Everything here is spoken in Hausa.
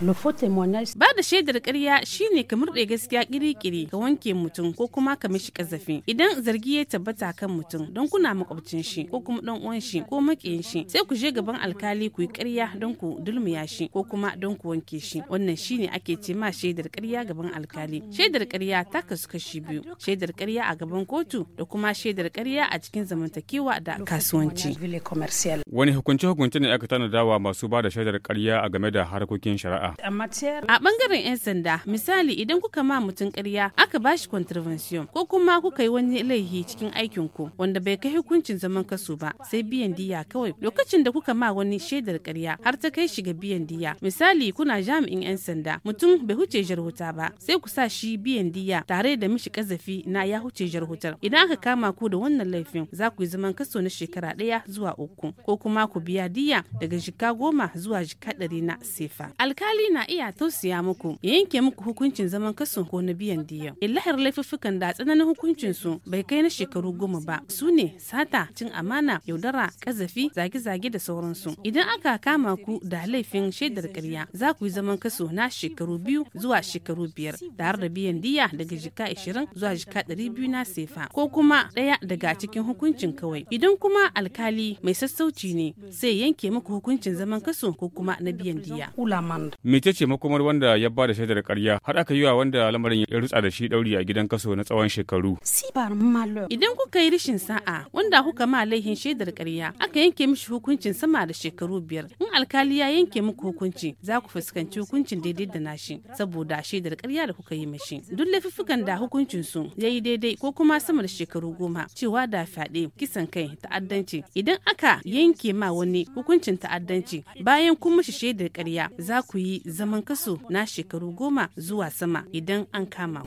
Ba da shaidar ƙarya shine ka murɗe gaskiya ƙiri-ƙiri ka wanke mutum ko kuma ka mishi ƙazafi. Idan zargi ya tabbata kan mutum don kuna makwabcin shi ko kuma ɗan uwan shi ko maƙiyin shi sai ku je gaban alkali ku yi ƙarya don ku dulmiya shi ko kuma don ku wanke shi. Wannan shine ake ce ma shaidar ƙarya gaban alkali. Shaidar ƙarya ta kasu kashi biyu. Shaidar ƙarya a gaban kotu da kuma shaidar ƙarya a cikin zamantakewa da kasuwanci. Wani hukunce-hukunce ne aka tanadawa masu ba da shaidar ƙarya a game da harkokin shari'a. shari'a. A bangaren 'yan sanda misali idan kuka ma mutum karya aka bashi contravention ko kuma kuka yi wani laihi cikin aikin ku wanda bai kai hukuncin zaman kaso ba sai biyan diya kawai lokacin da kuka ma wani shaidar karya har ta kai shi ga biyan diya misali kuna jami'in 'yan sanda mutum bai huce jarhuta ba sai ku sa shi biyan diya tare da mishi kazafi na ya huce jarhutar idan aka kama ku da wannan laifin za ku yi zaman kaso na shekara ɗaya zuwa uku ko kuma ku biya diya daga jika goma zuwa jika ɗari na sefa. Alkali alkali na iya tausaya muku ya yanke muku hukuncin zaman kaso ko na biyan diya illahar laifuffukan da tsananin hukuncin su bai kai na shekaru goma ba su ne sata cin amana yaudara kazafi zage-zage da sauransu idan aka kama ku da laifin shaidar karya za ku yi zaman kaso na shekaru biyu zuwa shekaru biyar tare da biyan diya daga jika ashirin zuwa jika ɗari biyu na sefa ko kuma ɗaya daga cikin hukuncin kawai idan kuma alkali mai sassauci ne sai yanke muku hukuncin zaman kaso ko kuma na biyan diya. mece ce makomar wanda ya ba da shaidar karya har aka yi wa wanda lamarin ya rutsa da shi dauri a gidan kaso na tsawon shekaru idan kuka yi rishin sa'a wanda kuka ma laihin shaidar karya aka yanke mishi hukuncin sama da shekaru biyar in alkali ya yanke muku hukunci za ku fuskanci hukuncin daidai da nashi saboda shaidar karya da kuka yi mishi duk laifuffukan da hukuncin su ya yi daidai ko kuma sama da shekaru goma cewa da fyaɗe kisan kai ta'addanci idan aka yanke ma wani hukuncin ta'addanci bayan kun mishi shaidar karya za ku yi zaman kaso na shekaru goma zuwa sama idan an kama.